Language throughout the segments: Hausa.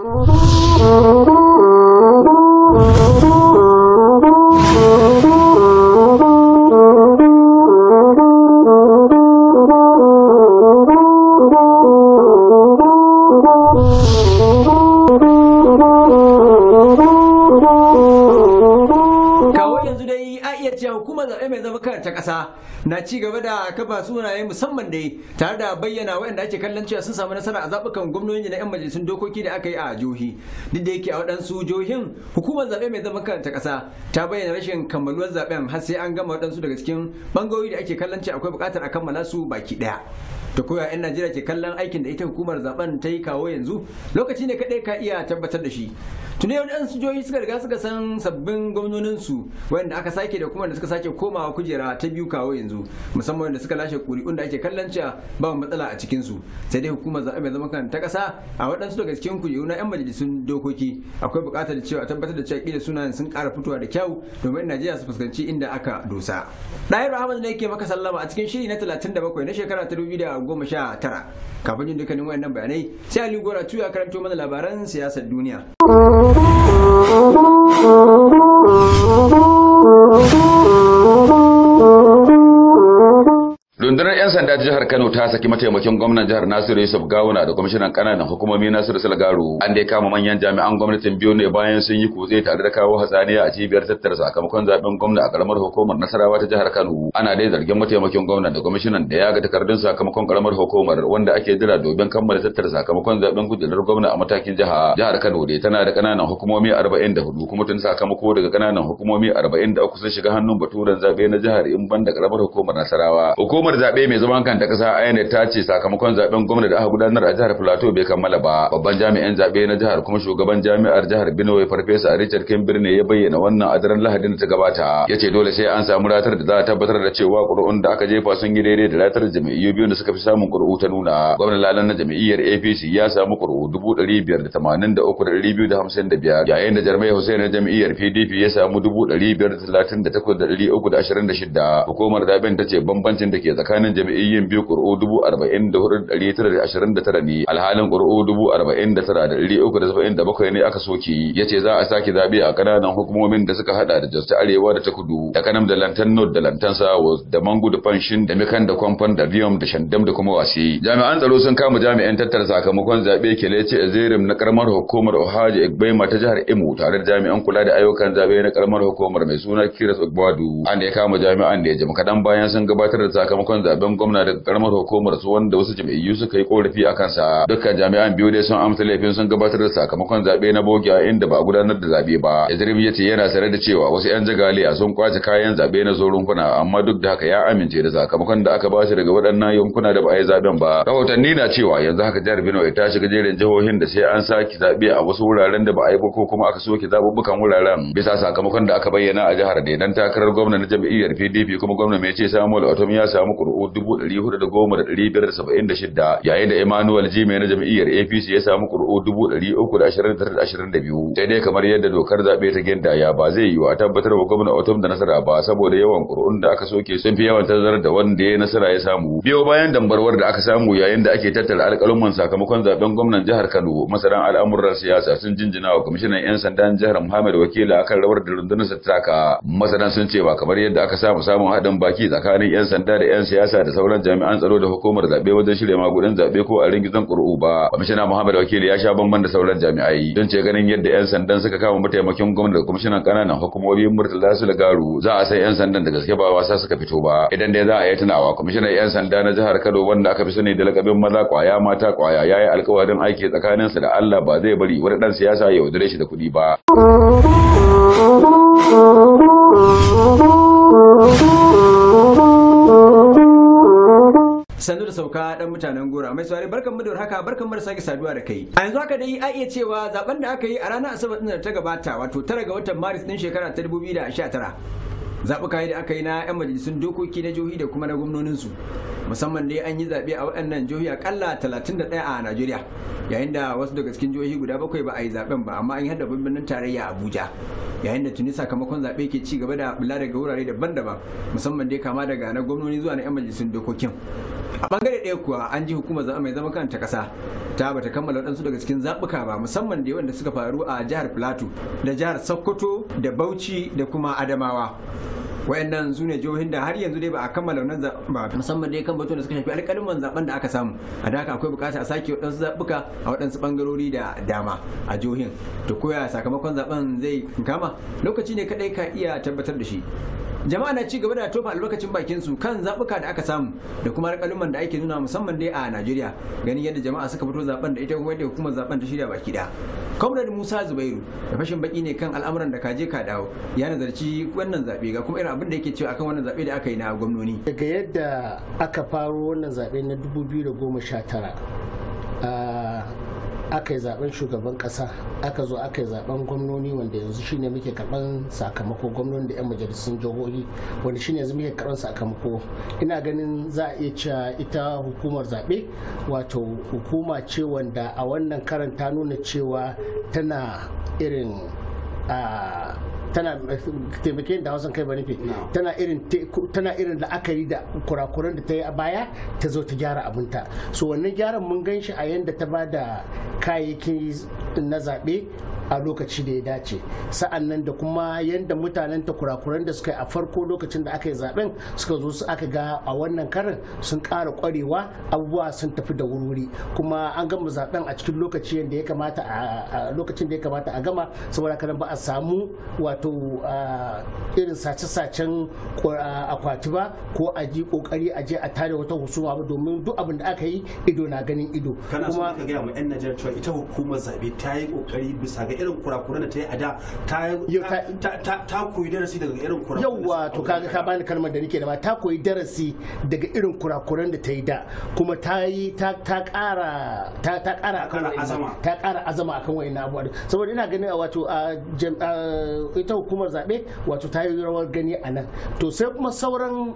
Thank you. ƙungiya mai zama kanta ƙasa na ci gaba da kafa sunaye musamman dai tare da bayyana waɗanda ake kallon cewa sun samu nasara a zaɓukan gwamnoni na 'yan majalisun dokoki da aka yi a johi duk da yake a waɗansu jihohin hukumar zabe mai zama kanta ƙasa ta bayyana rashin kammaluwar zaben har sai an gama waɗansu daga cikin ɓangarori da ake kallon cewa akwai buƙatar a kammala su baki ɗaya. da koya 'yan najeriya ke kallon aikin da ita hukumar zaben ta yi kawo yanzu lokaci ne kaɗai ka iya tabbatar da shi tuni yau ɗan sujoyi suka riga suka san sabbin gwamnoninsu wanda aka sake da kuma da suka sake komawa kujera ta biyu kawo yanzu musamman wanda suka lashe ƙuri'un da ake kallon cewa ba matsala a cikinsu sai dai hukumar zaɓe mai zaman ta ƙasa a waɗansu daga cikin kujeru na 'yan majalisun dokoki akwai buƙatar cewa tabbatar da cewa ƙila sunayen sun ƙara fitowa da kyau domin najeriya su fuskanci inda aka dosa ɗayar rahama ne ke maka sallama a cikin shiri na 37 na shekara goma sha tara kafin jin dukkanin wayannan bayanai sai ali gora tuya karanto mana labaran siyasar duniya 'yan sanda jihar Kano ta saki mataimakin gwamnan jihar Nasiru Yusuf Gawuna da kwamishinan kananan hukumomi Nasiru Salgaru an dai kama manyan jami'an gwamnatin biyu ne bayan sun yi kutse tare da kawo hatsaniya a cibiyar tattara sakamakon zaben gwamna a karamar hukumar Nasarawa ta jihar Kano ana dai zargin mataimakin gwamnan da kwamishinan da ya ga takardun sakamakon karamar hukumar wanda ake jira domin kammala tattara sakamakon zaben kujerar gwamna a matakin jiha jihar Kano dai tana da kananan hukumomi 44 kuma tun sakamako daga kananan hukumomi 43 sun shiga hannun baturen zabe na jihar in ban da karamar hukumar Nasarawa hukumar zabe mai mai zaman kanta ƙasa INEC ta ce sakamakon zaben gwamnati da aka gudanar a jihar Plateau bai kammala ba. Babban jami'in zaɓe na jihar kuma shugaban jami'ar jihar Benue Farfesa Richard Kimbir ne ya bayyana wannan a daren Lahadin da ta gabata. Ya ce dole sai an samu ratar da za a tabbatar da cewa ƙuri'un da aka jefa sun yi daidai da ratar jami'u biyu da suka fi samun ƙuri'u ta nuna. Gwamnan Lalan na jam'iyyar APC ya samu ƙuri'u dubu ɗari biyar da tamanin da uku da ɗari biyu da hamsin da biyar yayin da Jarmai Hussein na jam'iyyar PDP ya samu dubu ɗari biyar da talatin da takwas da ɗari uku da ashirin da shida. Hukumar zaben ta ce bambancin da ke tsakanin jami'iyyin biyu ƙuru'u dubu arba'in da hudu ɗari tara da ashirin da tara ne alhalin ƙuru'u dubu arba'in da tara da ɗari uku da saba'in da bakwai ne aka soke ya ce za a sake zaɓe a ƙananan hukumomin da suka haɗa da jos ta arewa da ta kudu da kanam da lantan nord da lantan sawa da mangu da fanshin da mikan da kwamfan da riyom da shandam da kuma wasi jami'an tsaro sun kama jami'an tattara sakamakon zaɓe kelece ezerim na ƙaramar hukumar ohaji igbaima ta jihar imo tare da jami'an kula da ayyukan zaɓe na ƙaramar hukumar mai suna kiras ogbadu an da ya kama jami'an da ya jima kaɗan bayan sun gabatar da sakamakon zaɓen zaben gwamna daga karamar hukumar su wanda wasu jam'iyyu suka yi korafi a kansa dukkan jami'an biyu dai sun amsa laifin sun gabatar da sakamakon zaɓe na bogi a inda ba a gudanar da zaɓe ba Idrim ya yana sare da cewa wasu 'yan jagaliya sun kwace kayan zaɓe na zo kuna amma duk da haka ya amince da sakamakon da aka ba shi daga waɗannan yankuna da ba a yi zaɓen ba rahotanni na cewa yanzu haka jihar Benue ta shiga jerin jihohin da sai an sake zaɓe a wasu wuraren da ba a yi ba ko kuma aka soke zaɓuɓɓukan wuraren bisa sakamakon da aka bayyana a jihar ne dan takarar gwamna na jam'iyyar PDP kuma gwamna mai ce Samuel Otom ya samu ƙuri'u 410,576 yayin da Emmanuel mai na jam'iyyar APC ya samu ƙuri'u 329,22 sai dai kamar yadda dokar zaɓe ta ya. ba zai yiwu a tabbatar wa gwamna Otum da nasara ba saboda yawan ƙuri'un da aka soke sun fi yawan tazarar da wanda ya nasara ya samu biyo bayan dambarwar da aka samu yayin da ake tattara alƙaluman sakamakon zaben gwamnan jihar Kano masaran al'amuran siyasa sun jinjina wa kwamishinan 'yan sandan jihar Muhammad Wakila akan rawar da rundunar ta taka masaran sun ce ba kamar yadda aka samu samun haɗin baki tsakanin 'yan sanda da 'yan siyasa da sauran jami'an tsaro da hukumar zaɓe wajen shirya magudan zaɓe ko a ringizan ƙuri'u ba kwamishina muhammad wakili ya sha bamban da sauran jami'ai don ce ganin yadda 'yan sandan suka kama mataimakin gwamnati da kwamishinan ƙananan hukumomi murtala su da garu za a san 'yan sandan da gaske ba wasa suka fito ba idan dai za a yi tunawa kwamishinan 'yan sanda na jihar kano wanda aka fi sani da lakabin maza kwaya mata kwaya ya yi alƙawarin aiki tsakanin tsakaninsa da allah ba zai bari wani ɗan siyasa ya yaudare shi da kuɗi ba. Thank you. sannu da sauka dan mutanen gora mai saurari barkan mu da haka barkan mu da sake saduwa da kai a yanzu haka dai a iya cewa zaben da aka yi a ranar asabar din da ta gabata wato 9 ga watan maris din shekara ta 2019 zaɓuka da aka yi na 'yan majalisun dokoki na jihohi da kuma na gwamnoninsu musamman dai an yi zaɓe a waɗannan jihohi a da 31 a najeriya yayin da wasu daga cikin jihohi guda bakwai ba a yi zaɓen ba amma an yi haɗa birnin tarayya abuja yayin da tuni sakamakon zaɓe ke ci gaba da bula daga wurare daban-daban musamman dai kama daga na gwamnoni zuwa na 'yan majalisun dokokin a bangare ɗaya kuwa an ji hukumar zama mai zama kanta ƙasa ta bata kammala waɗansu daga cikin zaɓuka ba musamman da wanda suka faru a jihar plateau da jihar sokoto da bauchi da kuma adamawa wayannan su ne jihohin da har yanzu dai ba a kammala wannan ba. musamman dai kan batun da suka shafi alƙalman zaɓen da aka samu a da akwai bukata a sake waɗansu zaɓuka a waɗansu ɓangarori da dama a jihohin to koya sakamakon zaɓen zai kama lokaci ne kaɗai ka iya tabbatar da shi jama'a na cigaba gaba da tofa albarkacin bakin su kan zabuka da aka samu da kuma alƙaluman da ake nuna musamman dai a Najeriya ganin yadda jama'a suka fito zaben da ita kuma yadda hukumar zaben ta shirya baki da Comrade Musa Zubairu da fashin baki ne kan al'amuran da kaje ka dawo ya nazarci wannan zabe ga kuma irin abin da yake cewa akan wannan zabe da aka yi na gwamnoni daga yadda aka faro wannan zabe na 2019 aka yi zaben shugaban kasa aka zo aka yi zaben gwamnoni wanda yanzu shine muke karban sakamako gwamnoni da 'yan majalisun jihohi wanda shine yanzu muke karban sakamako ina ganin za a iya cewa ita hukumar zaɓe wato hukuma ce wanda a wannan karan ta nuna cewa tana irin ah, tana taimake da hausan kai ba nufi tana irin tana irin la'akari da kurakuran da ta yi a baya ta zo ta gyara abinta so wannan gyaran mun gan shi a yanda ta ba da kayayyaki na zaɓe a lokaci da ya dace sa'an nan da kuma yadda mutanen ta kurakuran da suka yi a farko lokacin da aka yi zaben suka zo su aka ga a wannan karin sun ƙara ƙwarewa abubuwa sun tafi da wuri kuma an gama zaben a cikin lokaci yadda ya kamata a lokacin da ya kamata a gama saboda kanan ba a samu wato irin sace-sacen akwati ba ko a ji kokari a je a tare wata husuma ba domin duk abin da aka yi ido na ganin ido kana so ka gaya ma yan Najeriya cewa ita hukumar zabe ta yi kokari bisa ga irin kurakuran da ta yi a da ta koyi darasi daga irin kurakuran yawwa to kaga ka bani kalmar da nake da ba ta koyi darasi daga irin kurakuran da ta yi da kuma ta yi ta kara ta kara akan azama akan kara na abuwa saboda ina ganin uh, wato uh, uh, ita hukumar zaɓe wato ta yi rawar gani a nan to sai kuma sauran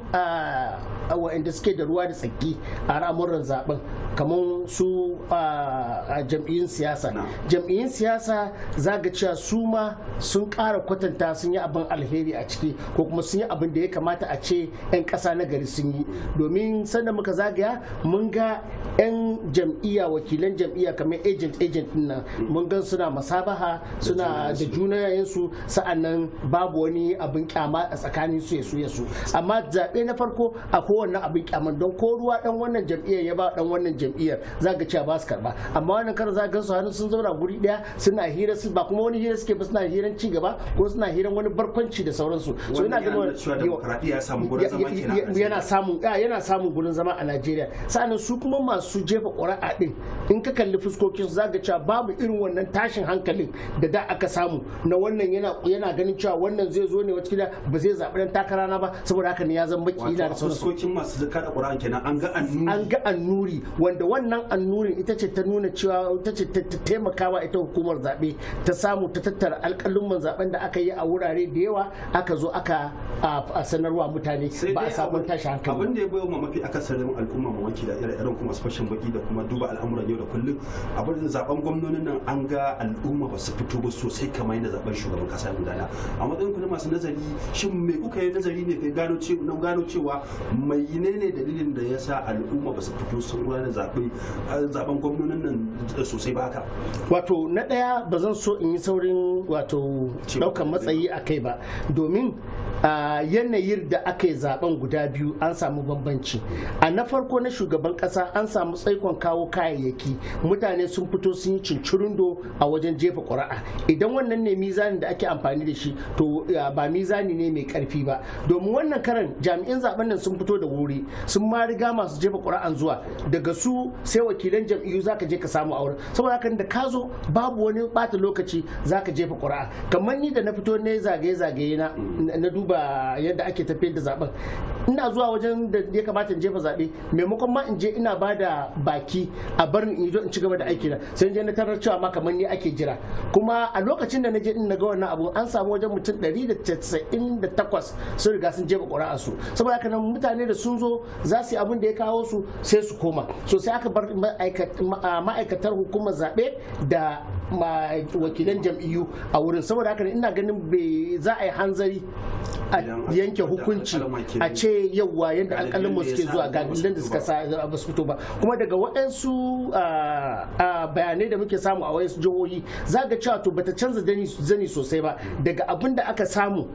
wa'anda suke da ruwa da tsaki a ramurran zaben kamar su a jam'iyyun siyasa jam'iyyun siyasa za ga cewa su ma sun kara kwatanta sun yi abin alheri a ciki ko kuma sun yi abin da ya kamata a ce 'yan kasa na gari sun yi domin sanda muka zagaya mun ga 'yan jam'iyya wakilan jam'iyya kamar agent agent nan hmm. mun gan suna masabaha suna da juna yayinsu sa'annan babu wani abin kyama a tsakanin su ya su ya su amma zaɓe na farko a wannan abin kyaman don ko ruwa dan wannan jam'iyyar ya ba dan wannan jam'iyyar za ga cewa ba su karba amma wannan karin za ga su hannu sun zauna guri daya suna hira su ba kuma wani hira suke ba suna hiran ci gaba ko suna hiran wani barkwanci da sauransu so ina ganin yana samun yana samun gurin zama a Najeriya sa'annan su kuma masu jefa ƙuri'a din in ka kalli fuskokin za ga cewa babu irin wannan tashin hankalin da da aka samu na wannan yana yana ganin cewa wannan zai zo ne wacce ba zai zaɓi dan takara na ba saboda haka ne ya zama baki da sauransu fuskokin masu kada ƙuri'a kenan an ga an ga annuri wanda wannan annurin ita ce ta nuna cewa ita ce ta taimakawa ita hukumar zaɓe ta samu ta tattara alƙalumman zaɓen da aka yi a wurare da yawa aka zo aka sanarwa mutane ba a sabon tashi hankali abin da ya bayo mafi akasarin al'umma mamaki da irin kuma fashin baki da kuma duba al'amuran yau da kullum abin da zaben gwamnonin nan an ga al'umma ba su fito ba sosai kamar yadda zaben shugaban kasa ya gudana a matsayin ku na masu nazari shin me kuka yi nazari ne kai gano cewa mai ne dalilin da ya sa al'umma ba su fito sun gudana zaɓi zaɓen gwamnonin nan eh, sosai ba wato na ɗaya ba zan so in yi saurin wato ɗaukan matsayi a kai ba domin a yanayin da aka yi zaben guda biyu an samu bambanci a na farko na shugaban kasa an samu tsaikon kawo kayayyaki mutane sun fito sun yi cincirindo a wajen jefa ƙuri'a idan wannan ne mizanin da ake amfani da shi to ba mizani ne mai karfi ba domin wannan karan jami'in zaben nan sun fito da wuri sun ma riga masu jefa ƙuri'an zuwa daga su sai wakilan jam'iyyu zaka je ka samu auren saboda haka da ka zo babu wani bata lokaci za ka jefa ƙuri'a kamar ni da na fito ne zagaye-zagaye na duba duba yadda ake tafiyar da zaben ina zuwa wajen da ya kamata in jefa zaɓe maimakon ma in je ina ba da baki a bar in zo in ci gaba da aiki na sai je na tarar cewa ma kamar ni ake jira kuma a lokacin da na je din na ga wannan abu an samu wajen mutum 198 sun riga sun jefa ƙura'a su saboda haka nan mutane da sun zo za su yi abin da ya kawo su sai su koma so sai aka bar ma'aikatar hukumar zaɓe da wakilan jam'iyyu a wurin saboda haka ina ganin bai za a yi hanzari a yanke hukunci a ce yauwa yadda alƙalin suke zuwa ga da suka sa fito ba kuma daga waɗansu bayanai da muke samu a wayansu jihohi za ga cewa to bata canza zani sosai ba daga abin da aka samu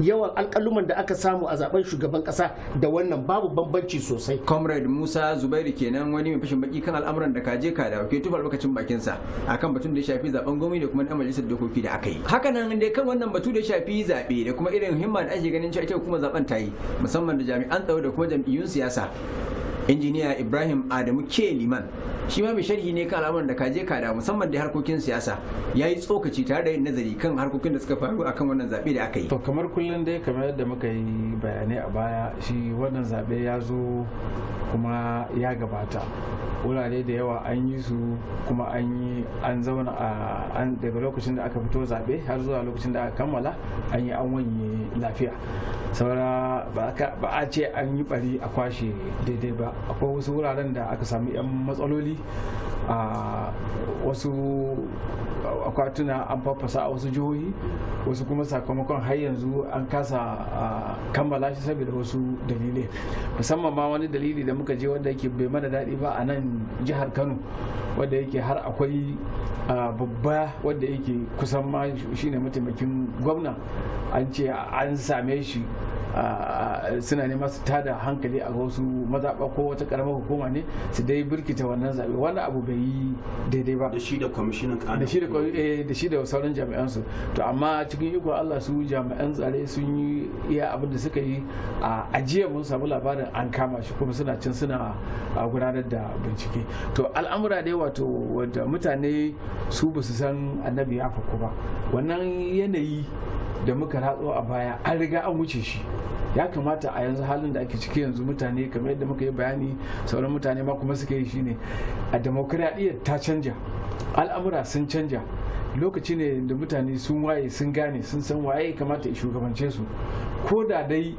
yawan alƙaluman da aka samu a zaben shugaban ƙasa da wannan babu bambanci sosai comrade musa zubairu kenan wani mai fashin baki kan al'amuran da kaje ka da ke tufa lokacin bakinsa akan batun da ya shafi zaben gwamnati da kuma dan majalisar dokoki da aka yi hakanan dai kan wannan batu da shafi zabe da kuma irin himma da ake ganin cewa ita kuma zaben ta yi musamman da jami'an tsaro da kuma jam'iyyun siyasa injiniya ibrahim adamu ke liman shi ma mai sharhi ne kan al'amuran da kaje kada musamman da harkokin siyasa ya yi tsokaci tare da yin nazari kan harkokin da suka faru akan wannan zaɓe da aka yi. to kamar kullum dai kamar yadda muka yi bayanai a baya shi wannan zaɓe ya zo kuma ya gabata wurare da yawa an yi su kuma an yi an zauna a daga lokacin da aka fito zaɓe har zuwa lokacin da aka kammala an yi an wanye lafiya saura ba a ce an yi bari a kwashe daidai ba akwai wasu wuraren da aka samu 'yan matsaloli a wasu akwatuna an fafasa a wasu jihohi wasu kuma sakamakon har yanzu an kasa kammala shi saboda wasu dalilai musamman ma wani dalili da muka je wanda yake bai mana daɗi ba a nan jihar kano wanda yake har akwai babba wanda yake kusan ma shine mataimakin gwamna an ce an same shi suna ne masu tada hankali a wasu mazaɓa ko wata ƙaramar hukuma ne su dai birkita wannan zaɓe wannan abu bai yi daidai ba da shi da kwamishinan da eh, da shi da sauran jami'an su to amma cikin iko Allah su jami'an tsare sun yi iya abin da suka yi a ajiya mun samu labarin an kama shi kuma suna cin suna gudanar da bincike to al'amura dai wato wanda mutane su ba su san annabi ya faku ba wannan yanayi da muka ratso a baya an riga an wuce shi ya kamata a yanzu halin da ake ciki yanzu mutane kamar yadda muka yi bayani sauran mutane ma kuma suka yi shine a demokradiyyar ta canja al'amura sun canja lokaci ne da mutane sun waye sun gane sun san waye kamata ya shugabance su ko da dai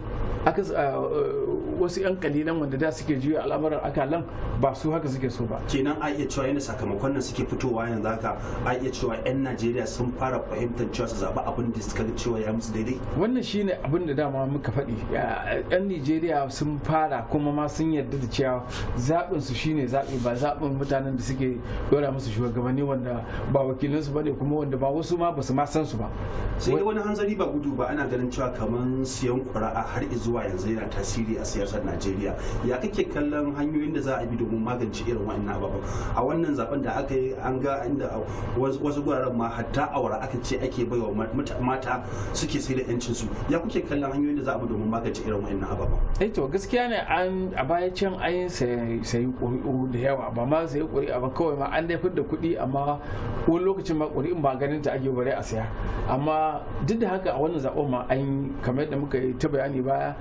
wasu 'yan kalilan wanda da suke juya al'amuran akalan ba su haka suke so ba kenan a iya cewa yana sakamakon nan suke fitowa yanzu haka a iya cewa 'yan najeriya sun fara fahimtar cewa su zaba abin da suka ga cewa ya musu daidai wannan shine abin da dama muka faɗi 'yan najeriya sun fara kuma ma sun yarda da cewa zaɓin su shine zaɓi ba zaɓin mutanen da suke dora musu shugabanni wanda ba wakilansu ba ne kuma wanda ba wasu ma ba su ma san su ba sai wani hanzari ba gudu ba ana ganin cewa kaman siyan ƙuri'a har zuwa yanzu yana tasiri a siyar kasar najeriya ya kake kallon hanyoyin da za a bi domin magance irin wannan ababen a wannan zaben da aka yi an ga inda wasu guraren ma hatta awara aka ce ake baiwa mata suke sai da yancin su ya kuke kallon hanyoyin da za a bi domin magance irin wannan ababen eh to gaskiya ne an a baya can an yi sayi ƙuri'u da yawa ba ma sayi ƙuri'a ba kawai ma an daifar da kuɗi amma wani lokacin ma ƙuri'un ba ganin ta ake bari a saya amma duk da haka a wannan zaben ma an kamar yadda muka yi ta bayani baya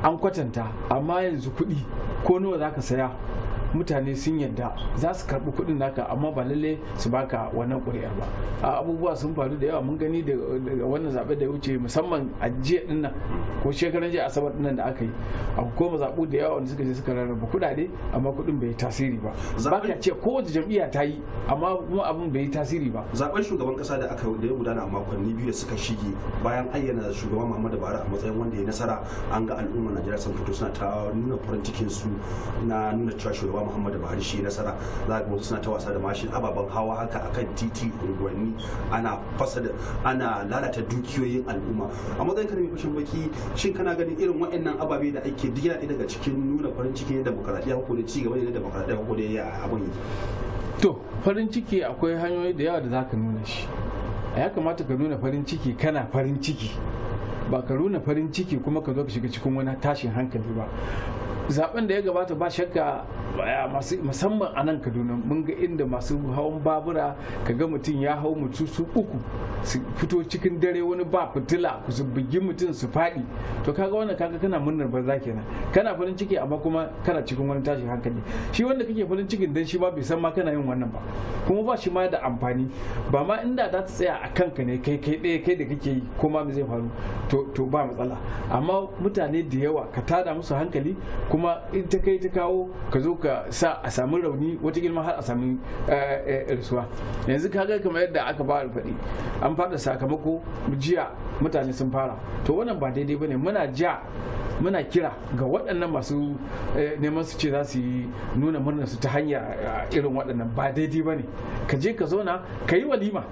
an kwatanta amma yanzu kuɗi ko nawa za ka saya mutane sun yadda za su karɓi kuɗin naka amma ba lalle su baka wannan ƙuri'ar ba abubuwa sun faru da yawa mun gani da wannan zaɓe da ya wuce musamman a jiya dinnan ko shekaran jiya asabar dinnan da aka yi a goma zaɓu da yawa wanda suka je suka rarraba kuɗaɗe amma kuɗin bai tasiri ba ba ka ce ko kowace jam'iyya ta yi amma kuma abin bai yi tasiri ba zaɓen shugaban ƙasa da aka da ya gudana a makonni biyu suka shige bayan ayyana shugaban Muhammadu Buhari a matsayin wanda ya nasara an ga al'ummar Najeriya sun fito suna ta nuna farin cikin su na nuna cewa shugaban muhammadu buhari shi nasara za ka suna ta wasa da mashin ababen hawa haka akan titi unguwanni ana fasa ana lalata dukiyoyin al'umma a matsayin ka mai fashin baki shin kana ganin irin waɗannan ababe da ake duk yana daga cikin nuna farin ciki na demokaradiyya ko ci gaba ne na demokaradiyya ko ne abin yi to farin ciki akwai hanyoyi da yawa da za ka nuna shi ya kamata ka nuna farin ciki kana farin ciki ba ka nuna farin ciki kuma ka zo ka shiga cikin wani tashin hankali ba zaben da ya gabata ba shakka musamman a nan kaduna mun ga inda masu hawan babura ka ga mutum ya hau mutu su uku su fito cikin dare wani ba fitila su bugi mutum su faɗi to kaga wannan kaga kana murnar banza kenan kana farin ciki amma kuma kana cikin wani tashin hankali shi wanda kake farin cikin dan shi ba bai san ma kana yin wannan ba kuma ba shi ma da amfani ba ma inda za ta tsaya a kanka ne kai kai ɗaya kai da kake yi ko ma zai faru to ba matsala amma mutane da yawa ka tada musu hankali kuma in ta kai ta kawo ka zo ka sa a samu rauni wata girma har a samu eh, eh, rasuwa yanzu ka ga kamar yadda aka ba faɗi an fada sakamako jiya mutane sun fara to wannan ba daidai bane muna ja muna kira ga waɗannan masu eh, neman su ce za su yi nuna murnar su ta hanya irin waɗannan ba daidai ba ne ka je ka zauna ka yi walima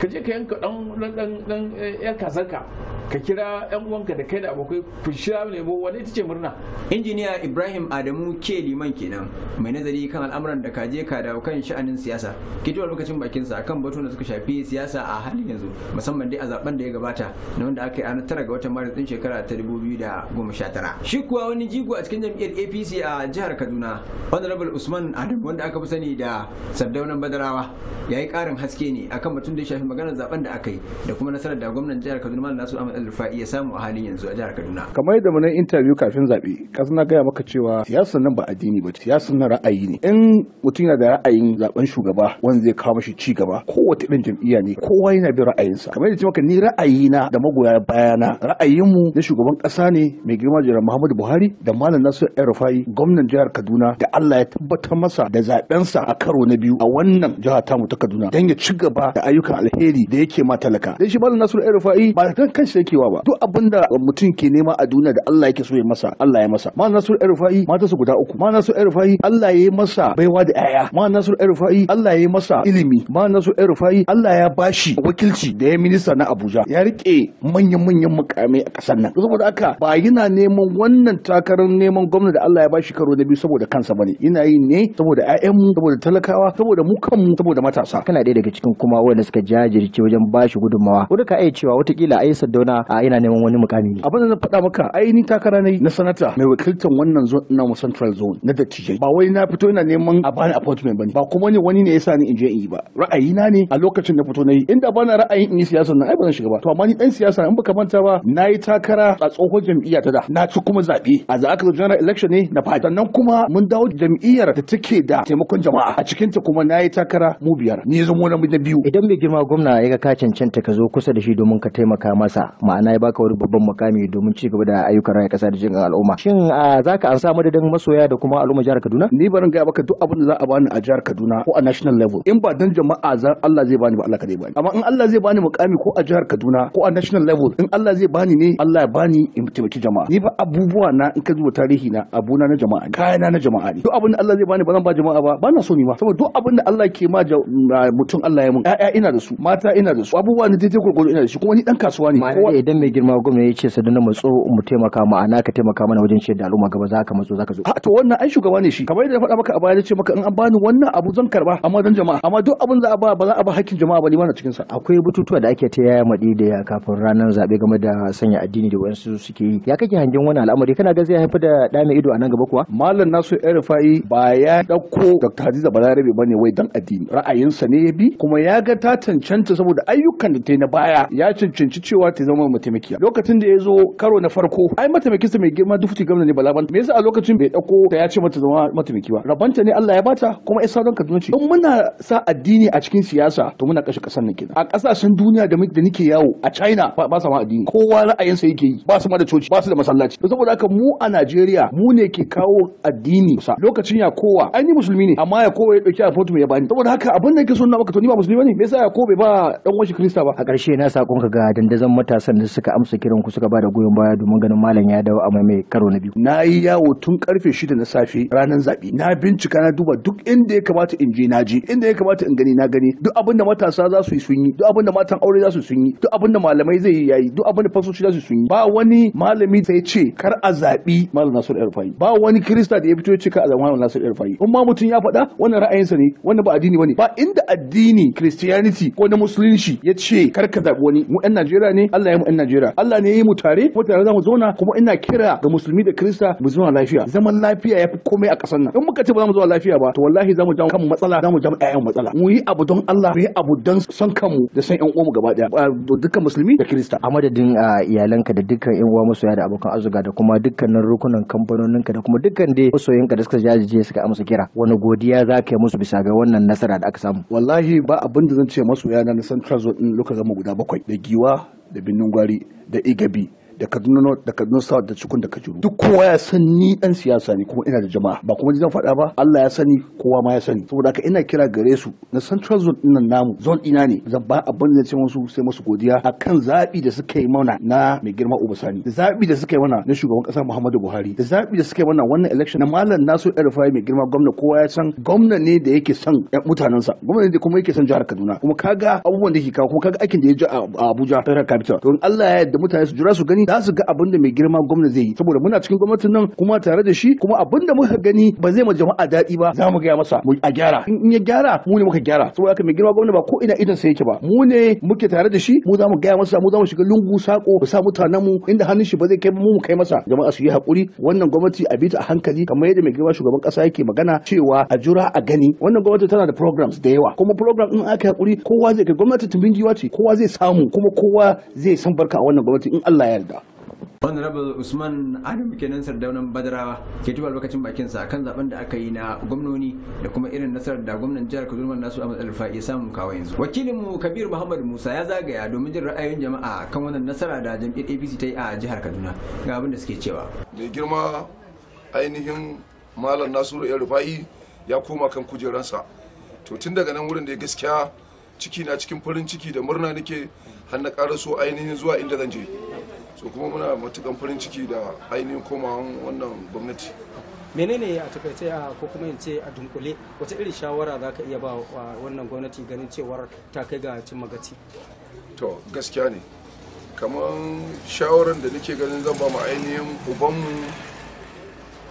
ka je ka yanka ɗan ɗan ɗan yar kazarka ka kira yan uwanka da kai da abokai ku shira ne bo wani ita ce murna injiniya Ibrahim Adamu ke liman kenan mai nazari kan al'amuran da ka je ka dawo kan sha'anin siyasa ke tuwa lokacin bakin sa akan batun da suka shafi siyasa a halin yanzu musamman dai a zaben da ya gabata na wanda aka yi a tara ga watan Maris din shekara ta 2019 shi kuwa wani jigo a cikin jam'iyyar APC a jihar Kaduna Honorable Usman Adamu wanda aka fi sani da Sardaunan Badarawa ya yi karin haske ne akan batun da ya shafi maganar zaben da aka yi da kuma nasarar da gwamnan jihar Kaduna Malam Nasu alfa iya samu a halin yanzu a jihar kaduna kamar yadda mun interview kafin zabe kasan na gaya maka cewa siyasar nan ba addini ba siyasar nan ra'ayi ne in mutum yana da ra'ayin zaben shugaba wanda zai kawo mashi ci gaba kowace irin jam'iyya ne kowa yana da ra'ayinsa kamar yadda maka ni na da magoya bayana ra'ayinmu na shugaban ƙasa ne mai girma jiran muhammadu buhari da malam nasu rufai gwamnan jihar kaduna da allah ya tabbatar masa da zabensa a karo na biyu a wannan jihar tamu ta kaduna don ya ci gaba da ayyukan alheri da yake ma talaka dan shi malam nasu rufai ba kan kanshi kewa ba duk abin da mutum ke nema a duniya da Allah yake so ya masa Allah ya masa ma nasur irfa'i mata su guda uku ma nasur irfa'i Allah ya yi masa baiwa da ayya ma nasur irfa'i Allah ya yi masa ilimi ma nasur irfa'i Allah ya bashi wakilci da ya minista na Abuja ya rike manyan manyan mukamai a kasar nan saboda haka ba yana neman wannan takarar neman gwamnati da Allah ya bashi karo na biyu saboda kansa bane yana yi ne saboda ƴaƴanmu saboda talakawa saboda mu kanmu saboda matasa kana da daga cikin kuma wanda suka jajirce wajen bashi gudunmawa wanda ka iya cewa watakila ai magana a ina neman wani mukami ne abin da zan faɗa maka ainihin takara ne na sanata mai wakiltar wannan zone ina mu central zone na dattijai ba wai na fito ina neman a bani appointment bane ba kuma ne wani ne yasa ni in je in yi ba Ra'ayi na ne a lokacin da fito na yi inda bana ra'ayin in yi siyasa nan ai ba zan shiga ba to amma ni dan siyasa in baka manta ba na yi takara a tsohon jam'iyya ta da na ci kuma zabe a zaɓar general election ne na fadi sannan kuma mun dawo jam'iyyar da take da taimakon jama'a a cikin ta kuma na takara mu biyar ni zamo na biyu idan mai girma gwamna ya ga ka cancanta ka zo kusa da shi domin ka taimaka masa ma'ana ya baka wani babban makami domin ci gaba da ayyukan rayuwar kasa da jin al'umma shin za ka ansa madadin masoya da kuma al'umma jihar Kaduna ni barin gaya baka duk abin da za a bani a jihar Kaduna ko a national level in ba dan jama'a zan Allah zai bani ba Allah kadai bani amma in Allah zai bani mukami ko a jihar Kaduna ko a national level in Allah zai bani ne Allah ya bani in taimaki jama'a ni ba abubuwa na in ka zuwa tarihi na abuna na jama'a kayana na jama'a ne duk abin da Allah zai bani ba zan ba jama'a ba ba na so ni ba saboda duk abin da Allah ke ma mutum Allah ya mun ƴaƴa ina da su mata ina da su abubuwa ne daidai gurgurdo ina da shi kuma ni dan kasuwa ne kowa kawai idan mai girma gwamna ya ce sadana matso mu taimaka ma'ana ka taimaka mana wajen ciyar da al'umma gaba za ka matso za ka zo a to wannan ai shugaba ne shi kamar yadda na faɗa maka a baya ce maka in an bani wannan abu zan karba amma dan jama'a amma duk abin za a ba ba za a ba hakkin jama'a ba ne mana cikin sa akwai bututuwa da ake ta yaya maɗi da kafin ranar zaɓe game da sanya addini da wayansu suke yi ya kake hangen wannan al'amari kana ga zai haifar da ɗa mai ido a nan gaba kuwa malam nasu rufa'i ba ya ɗauko dr hadiza balarabe bane wai dan addini ra'ayinsa ne ya bi kuma ya ga ta cancanta saboda ayyukan da ta yi na baya ya cancanci cewa ta zama zama mataimakiya lokacin da ya zo karo na farko ai mataimakinsa mai girma dufti gwamna ne balaban me yasa a lokacin bai dauko ta ya ce mata zama mataimaki ba rabanta ne Allah ya bata kuma isa don Kaduna ce don muna sa addini a cikin siyasa to muna kashe kasar nan kenan a kasashen duniya da da nake yawo a China ba sa ma addini kowa ra'ayinsa yake yi ba su ma da coci ba su da masallaci to saboda haka mu a Najeriya mu ne ke kawo addini sa lokacin ya kowa an ni musulmi ne amma ya kowa ya dauki appointment mai yabani saboda haka abin da yake so na maka to ni ba musulmi bane me yasa ya kowa bai ba dan uwan shi Kirista ba a karshe na sakon ka ga dandazon matasa sannan suka amsa kiran ku suka bada goyon baya domin ganin malam ya dawo a mai karo na biyu na yi yawo tun karfe shida na safe ranar zaɓe na bincika na duba duk inda ya kamata in je na je inda ya kamata in gani na gani duk abin da matasa za su yi sun yi duk abin da matan aure za su sun yi duk abin da malamai zai yi yayi duk abin da fasoshi za su sun yi ba wani malami da ya ce kar a zaɓi malam Nasiru Erfayi ba wani kirista da ya fito ya ce kar a zaɓi malam Nasiru Erfayi in ma mutum ya faɗa wannan ra'ayinsa ne wannan ba addini bane ba inda addini Christianity ko na musulunci ya ce kar ka zaɓi wani mu ɗan Najeriya ne Allah ya mu in Najeriya Allah ne ya yi mu tare mu tare za mu zauna kuma ina kira ga musulmi da Kirista mu zauna lafiya zaman lafiya ya fi komai a ƙasar nan in muka ce ba za mu zauna lafiya ba to wallahi za mu jawo kanmu matsala za mu jawo ƴaƴan matsala mu yi abu don Allah mu yi abu don son kanmu da son ƴan uwanmu gaba ɗaya dukkan musulmi da Kirista a iyalanka da dukkan ƴan uwa masoya da abokan azuga da kuma dukkanin rukunan kamfanoninka da kuma dukkan dai masoyinka da suka jajije suka amsa kira wani godiya za ka yi musu bisa ga wannan nasara da aka samu wallahi ba abin da zan ce masoya na na san trazo din lokacin guda bakwai da giwa da birnin gwari da igabi da kaduna north da kaduna south da cikun da kajuru duk kowa ya san ni dan siyasa ne kuma ina da jama'a ba kuma zan faɗa ba Allah ya sani kowa ma ya sani saboda haka ina kira gare su na central zone dinnan namu zone ina ne zan ba abin da ce musu sai musu godiya akan zabi da suka yi mana na mai girma Sani da zabi da suka yi mana na shugaban kasa Muhammadu Buhari da zabi da suka yi mana wannan election na malam Nasu Erfai mai girma gwamna kowa ya san gwamna ne da yake son sa. gwamna ne da kuma yake son jihar Kaduna kuma kaga abubuwan da yake kawo kuma kaga aikin da ya ji a Abuja federal capital to in Allah ya yarda mutane su jira su gani za su ga abin da mai girma gwamna zai yi saboda muna cikin gwamnatin nan kuma tare da shi kuma abin da muka gani ba zai ma jama'a daɗi ba za mu gaya masa a gyara in ya gyara mu ne muka gyara saboda haka mai girma gwamna ba ko ina idan sai yake ba mu ne muke tare da shi mu za mu gaya masa mu za mu shiga lungu sako ba sa mutanen mu inda hannun shi ba zai kai mu mu kai masa jama'a su yi hakuri wannan gwamnati a bita a hankali kamar yadda mai girma shugaban kasa yake magana cewa a jura a gani wannan gwamnati tana da programs da yawa kuma program in aka hakuri kowa zai kai gwamnati tumbin giwa ce kowa zai samu kuma kowa zai san barka a wannan gwamnati in Allah ya yarda honorable usman adam kenan sardaunan badarawa ke tuba albarkacin bakinsa kan zaben da aka yi na gwamnoni da kuma irin nasarar da gwamnan jihar kaduna nasu ahmad alfa ya samu kawo yanzu mu kabir muhammad musa ya zagaya domin jin ra'ayoyin jama'a kan wannan nasara da jam'iyyar apc ta yi a jihar kaduna ga abin da suke cewa mai girma ainihin malam nasiru ya rufa'i ya koma kan kujeransa to tun daga nan wurin da ya gaskiya ciki na cikin farin ciki da murna nake har na ƙara ainihin zuwa inda zan je so kuma muna matukan farin ciki da ainihin komawan wannan gwamnati menene a takaice a ko kuma in ce a dunkule wata irin shawara za ka iya ba wa wannan gwamnati ganin cewar ta kai ga cin magaci to gaskiya ne kamar shawaran da nake ganin zan ba mu ainihin ubanmu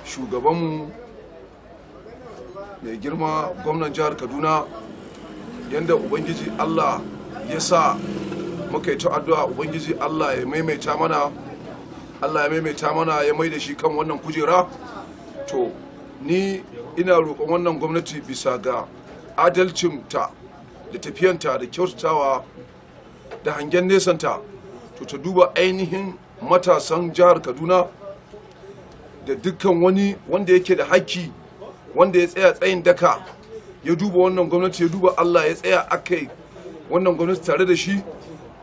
shugabanmu mai girma gwamnan jihar kaduna yadda ubangiji allah ya sa muka yi ta addu'a ubangiji allah ya maimaita mana allah ya maimaita mana ya mai da shi kan wannan kujera to ni ina roƙon wannan gwamnati bisa ga adalcin ta da ta da kyautatawa da hangen nesan ta to ta duba ainihin matasan jihar kaduna da dukkan wani wanda yake da haƙƙi wanda ya tsaya tsayin daka ya duba wannan gwamnati ya duba allah ya tsaya akai wannan gwamnati tare da shi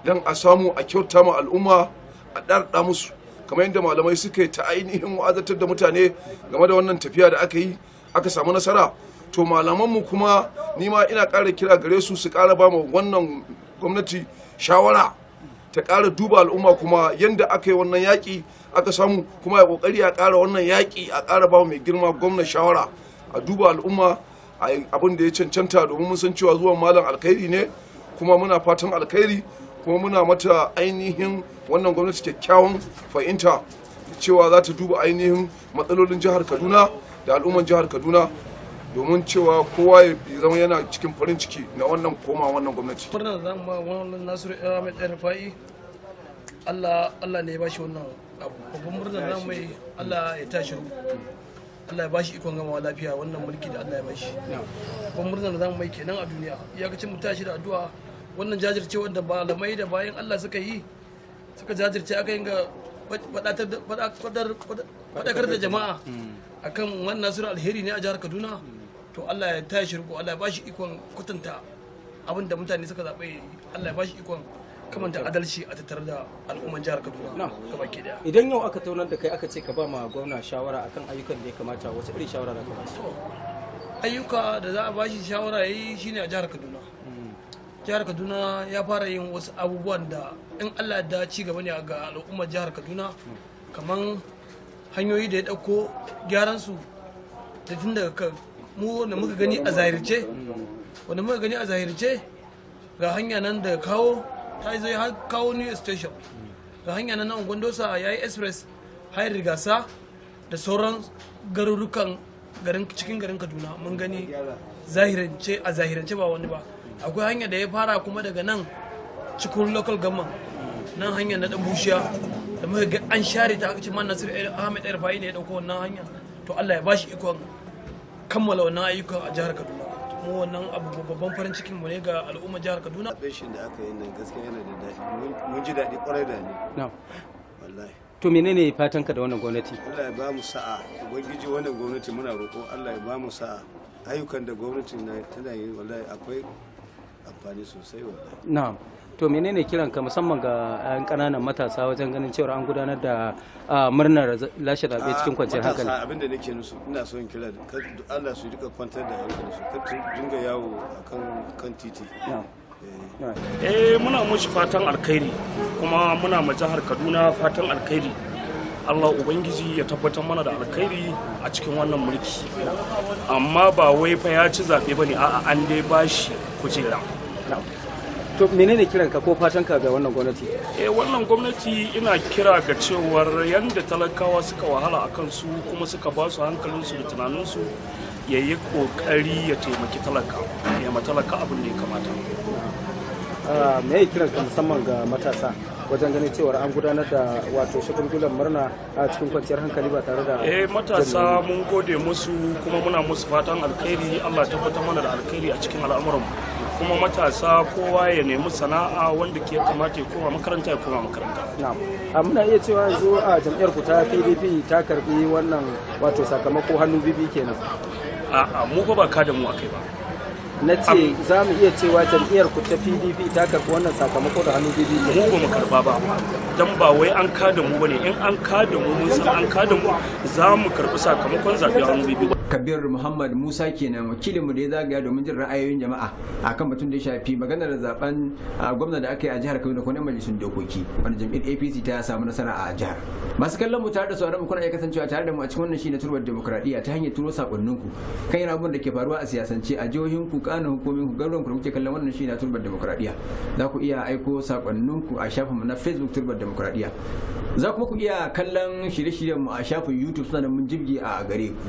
don a samu a kyauta ma al'umma a ɗarɗa musu kamar yadda malamai suka yi ta ainihin wa'azatar da mutane game da wannan tafiya da aka yi aka samu nasara to malamanmu kuma nima ina ƙara kira gare su su ƙara ba wannan gwamnati shawara ta ƙara duba al'umma kuma yadda aka yi wannan yaƙi aka samu kuma ya ƙoƙari a ƙara wannan yaƙi a ƙara ba mai girma gwamnati shawara a duba al'umma abin da ya cancanta domin mun san cewa zuwan malam alkhairi ne kuma muna fatan alkhairi kuma muna mata ainihin wannan gwamnati kyakkyawan fahimta cewa za ta duba ainihin matsalolin jihar kaduna da al'umman jihar kaduna domin cewa kowa ya zama yana cikin farin ciki na wannan koma wannan gwamnati. Murnar za mu wannan Nasiru Ahmed Rufa'i Allah Allah ne ya bashi wannan abu. Babban murnar za mu Allah ya tashi Allah ya bashi ikon gamawa lafiya wannan mulki da Allah ya bashi. Babban murnar za mu mai kenan a duniya. Iyakacin mu tashi da addu'a wannan jajircewar da malamai da bayan Allah suka yi suka jajirce aka yi ga faɗakar da jama'a akan wannan sura alheri ne a jihar Kaduna to Allah ya tashi shirku Allah ya bashi ikon kwatanta abin da mutane suka zaɓe Allah ya bashi ikon kamanta adalci a tattare da al'umman jihar Kaduna ga baki daya. Idan yau aka taunar da kai aka ce ka ba ma gwamna shawara akan ayyukan da ya kamata wace irin shawara za ka ba Ayyuka da za a ba shi shawara yayi shine a jihar Kaduna. Hmm. jihar kaduna ya fara yin wasu abubuwan da in allah da ci gaba ne ga al'ummar jihar kaduna kamar hanyoyi da ya ɗauko gyaran su da tun daga mu wanda muka gani a zahirce wanda muka gani a zahirce ga hanya nan da kawo ta ya kawo new station ga hanya nan na gwandosa ya yi express hayar rigasa da sauran garurukan cikin garin kaduna mun gani zahirance a zahirance ba wani ba akwai hanya da ya fara kuma daga nan cikin local government nan hanyar na dan bushiya da muka ga an share ta aka ce man nasir ahmed rfai ne ya dauko wannan hanya to allah ya shi ikon kammala wannan ayyukan a jihar kaduna mu wannan abu babban farin cikin mu ne ga al'ummar jihar kaduna beshin da aka yi nan gaskiya yana da daɗi mun ji daɗi kwarai da ne wallahi to menene fatan ka da wannan gwamnati allah ya ba mu sa'a ubangiji wannan gwamnati muna roƙo allah ya ba mu sa'a ayyukan da gwamnati na tana yi wallahi akwai amfani sosai wa to menene kiran ka musamman ga 'yan kananan matasa wajen ganin cewa an gudanar da murnar lashe zaɓe cikin kwanciyar hankali abin da nake nusu ina so in kira Allah su duka kwantar da hankali su dinga yawo akan kan titi eh. eh muna mushi fatan alkhairi kuma muna ma jihar Kaduna fatan alkhairi Allah Ubangiji ya tabbatar mana da alkhairi a cikin wannan mulki amma ba wai fa ya ci zaɓe bane a'a an dai bashi kujera to menene kiran ka ko fatan ka ga wannan gwamnati eh wannan gwamnati ina kira ga cewar yanda talakawa suka wahala a kansu kuma suka ba su su da tunanin ya yi kokari ya taimaki talaka ya talaka abin da ya kamata ah, me ya kiran ka musamman ga matasa wajen ganin cewar an gudanar da wato shagulgulan murna a cikin kwanciyar hankali ba tare da eh matasa mun gode musu kuma muna musu fatan alkhairi Allah ya tabbatar mana da alkhairi a cikin al'amuranmu kuma matasa kowa ya nemi sana'a wanda ke kamata ya koma makaranta ya koma makaranta a ah, muna iya cewa yanzu a ah, jam'iyyar ku ta pdp ta karbi wannan wato sakamako hannu bibi kenan a'a mu ba ka da mu akai ba na ce za mu iya cewa jam'iyyar ku ta pdp ta karɓi wannan sakamako da hannu bibi mu ba mu karba ba dan ba wai an kada mu bane in an kada mu mun san an kada mu za mu karɓi sakamakon zaɓe hannu bibi kabir muhammad musa kenan wakilin mu da ya zagaya domin jin ra'ayoyin jama'a akan batun da ya shafi maganar zaben gwamna da aka yi a jihar kaduna ko ne majalisun dokoki wanda jam'iyyar apc ta samu nasara a jihar masu kallon mu tare da sauran mu kuna iya kasancewa tare da mu a cikin wannan shi na turbar demokradiyya ta hanyar turo sakonninku kan yana abin da ke faruwa a siyasance a jihohinku kana hukumi ku garuwan ku da kuke kallon wannan shi na turbar demokradiya za ku iya aiko sakonninku a shafinmu na facebook turbar demokradiya za kuma ku iya kallon shirye-shiryen mu a shafin youtube suna da mun jibge a gare ku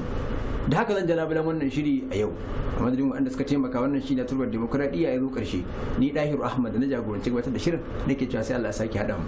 da haka zan jana bilan wannan shiri a yau a madadin waɗanda suka taimaka wannan shi na turbar demokradiya ya zo karshe ni dahiru ahmad da na jagoranci gabatar da shirin nake cewa sai allah sake haɗa mu